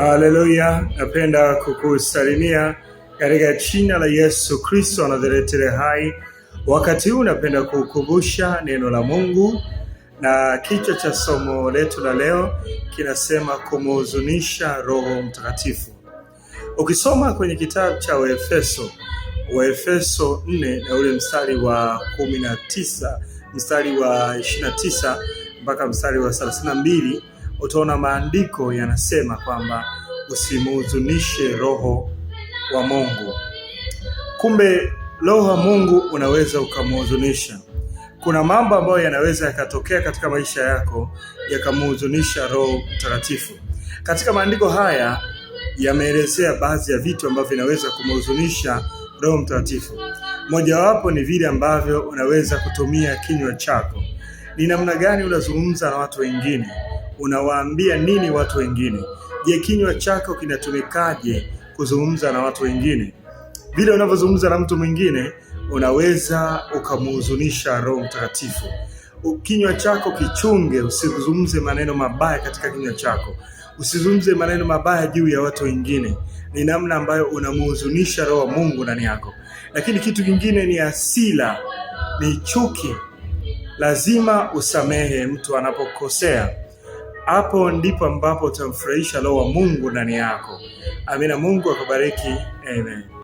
Haleluya, napenda kukusalimia katika jina la Yesu Kristo anatheretele hai. Wakati huu napenda kukukumbusha neno la Mungu na kichwa cha somo letu la leo kinasema kumhuzunisha Roho Mtakatifu. Ukisoma kwenye kitabu cha Waefeso, Waefeso 4 na ule mstari wa 19 mstari wa 29 mpaka mstari wa 32 utaona maandiko yanasema kwamba usimuhuzunishe roho wa Mungu. Kumbe roho wa Mungu unaweza ukamuhuzunisha. Kuna mambo ambayo yanaweza yakatokea katika maisha yako yakamuhuzunisha Roho Mtakatifu. Katika maandiko haya yameelezea baadhi ya vitu ambavyo vinaweza kumhuzunisha Roho Mtakatifu. Mojawapo ni vile ambavyo unaweza kutumia kinywa chako. Ni namna gani unazungumza na watu wengine? unawaambia nini watu wengine? Je, kinywa chako kinatumikaje kuzungumza na watu wengine? Vile unavyozungumza na mtu mwingine unaweza ukamhuzunisha Roho Mtakatifu. Kinywa chako kichunge, usizungumze maneno mabaya katika kinywa chako, usizungumze maneno mabaya juu ya watu wengine. Ni namna ambayo unamhuzunisha Roho wa Mungu ndani yako. Lakini kitu kingine ni hasira, ni chuki. Lazima usamehe mtu anapokosea hapo ndipo ambapo utamfurahisha Roho wa Mungu ndani yako. Amina. Mungu akubariki. Amen.